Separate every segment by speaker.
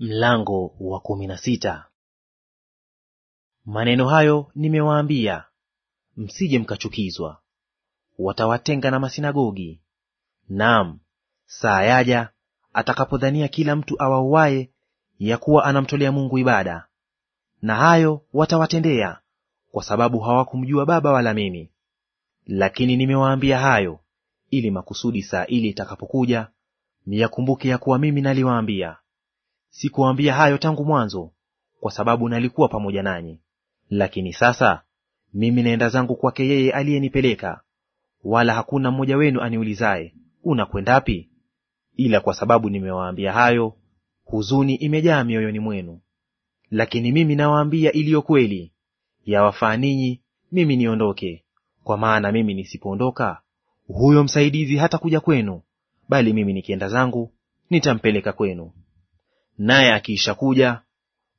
Speaker 1: Mlango wa kumi na sita. Maneno hayo nimewaambia, msije mkachukizwa. Watawatenga na masinagogi. Naam, saa yaja atakapodhania kila mtu awauaye ya kuwa anamtolea Mungu ibada. Na hayo watawatendea, kwa sababu hawakumjua Baba wala mimi. Lakini nimewaambia hayo, ili makusudi saa ile itakapokuja myakumbuke ya kuwa mimi naliwaambia. Sikuwaambia hayo tangu mwanzo, kwa sababu nalikuwa pamoja nanyi. Lakini sasa mimi naenda zangu kwake yeye aliyenipeleka, wala hakuna mmoja wenu aniulizaye unakwendapi? Ila kwa sababu nimewaambia hayo, huzuni imejaa mioyoni mwenu. Lakini mimi nawaambia iliyo kweli, yawafaa ninyi mimi niondoke. Kwa maana mimi nisipoondoka, huyo msaidizi hata kuja kwenu, bali mimi nikienda zangu nitampeleka kwenu. Naye akiisha kuja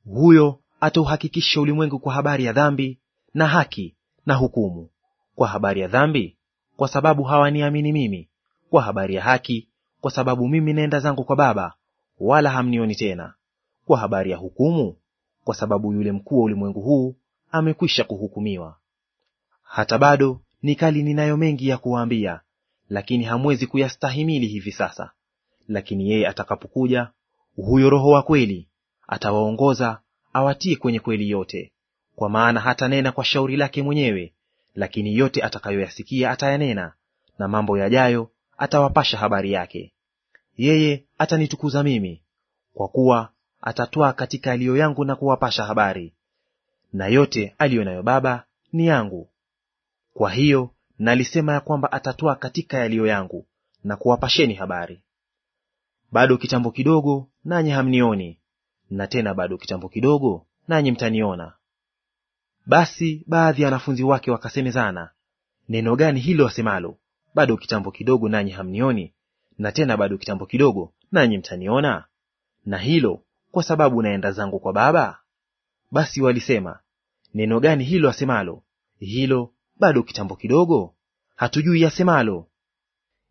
Speaker 1: huyo atauhakikisha ulimwengu kwa habari ya dhambi na haki na hukumu. Kwa habari ya dhambi, kwa sababu hawaniamini mimi; kwa habari ya haki, kwa sababu mimi naenda zangu kwa Baba, wala hamnioni tena; kwa habari ya hukumu, kwa sababu yule mkuu wa ulimwengu huu amekwisha kuhukumiwa. Hata bado nikali ninayo mengi ya kuwaambia, lakini hamwezi kuyastahimili hivi sasa. Lakini yeye atakapokuja huyo Roho wa kweli atawaongoza awatie kwenye kweli yote, kwa maana hatanena kwa shauri lake mwenyewe, lakini yote atakayoyasikia atayanena, na mambo yajayo atawapasha habari yake. Yeye atanitukuza mimi, kwa kuwa atatwaa katika aliyo yangu na kuwapasha habari. Na yote aliyo nayo Baba ni yangu. Kwa hiyo nalisema ya kwamba atatwaa katika yaliyo yangu na kuwapasheni habari. Bado kitambo kidogo, nanyi hamnioni, na tena bado kitambo kidogo, nanyi mtaniona. Basi baadhi ya wanafunzi wake wakasemezana, neno gani hilo wasemalo, bado kitambo kidogo, nanyi hamnioni, na tena bado kitambo kidogo, nanyi mtaniona? Na hilo kwa sababu naenda zangu kwa Baba? Basi walisema, neno gani hilo asemalo hilo, bado kitambo kidogo? Hatujui yasemalo.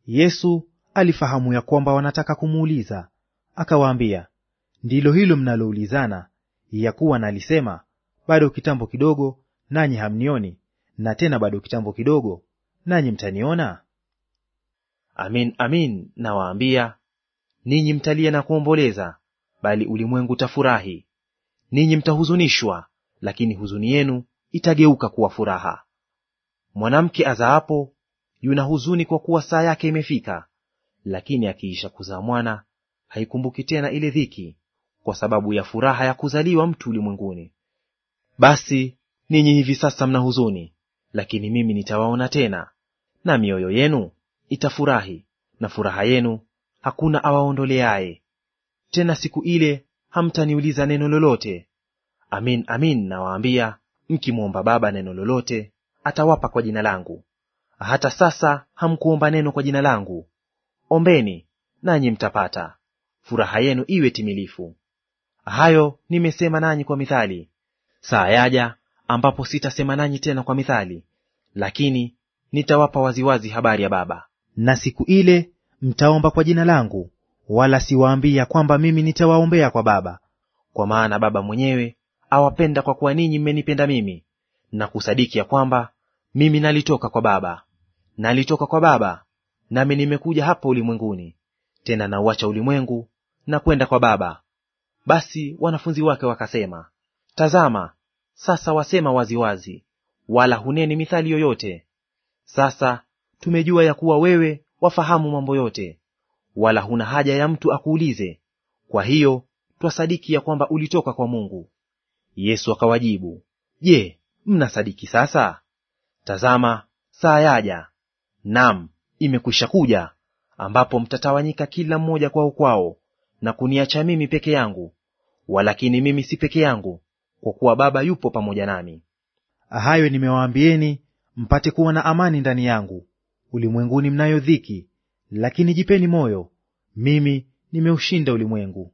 Speaker 1: Yesu alifahamu ya kwamba wanataka kumuuliza, akawaambia, ndilo hilo mnaloulizana, ya kuwa nalisema bado kitambo kidogo nanyi hamnioni, na tena bado kitambo kidogo nanyi mtaniona? Amin, amin nawaambia, ninyi mtalia na kuomboleza, bali ulimwengu utafurahi. Ninyi mtahuzunishwa, lakini huzuni yenu itageuka kuwa furaha. Mwanamke azaapo yuna huzuni kwa kuwa saa yake imefika, lakini akiisha kuzaa mwana, haikumbuki tena ile dhiki, kwa sababu ya furaha ya kuzaliwa mtu ulimwenguni. Basi ninyi hivi sasa mna huzuni, lakini mimi nitawaona tena, na mioyo yenu itafurahi, na furaha yenu hakuna awaondoleaye. Tena siku ile hamtaniuliza neno lolote. Amin, amin nawaambia, mkimwomba Baba neno lolote, atawapa kwa jina langu. Hata sasa hamkuomba neno kwa jina langu, Ombeni nanyi mtapata, furaha yenu iwe timilifu. Hayo nimesema nanyi kwa mithali; saa yaja ambapo sitasema nanyi tena kwa mithali, lakini nitawapa waziwazi habari ya Baba. Na siku ile mtaomba kwa jina langu, wala siwaambia kwamba mimi nitawaombea kwa Baba, kwa maana Baba mwenyewe awapenda, kwa kuwa ninyi mmenipenda mimi na kusadiki ya kwamba mimi nalitoka kwa Baba. Nalitoka kwa Baba nami nimekuja hapa ulimwenguni, tena nauacha ulimwengu na kwenda kwa Baba. Basi wanafunzi wake wakasema, Tazama, sasa wasema waziwazi wazi, wala huneni mithali yoyote. Sasa tumejua ya kuwa wewe wafahamu mambo yote, wala huna haja ya mtu akuulize. Kwa hiyo twasadiki ya kwamba ulitoka kwa Mungu. Yesu akawajibu, Je, mnasadiki sasa? Tazama, saa yaja, naam imekwisha kuja, ambapo mtatawanyika kila mmoja kwao kwao, na kuniacha mimi peke yangu. Walakini mimi si peke yangu, kwa kuwa Baba yupo pamoja nami. Hayo nimewaambieni mpate kuwa na amani ndani yangu. Ulimwenguni mnayo dhiki, lakini jipeni moyo, mimi nimeushinda ulimwengu.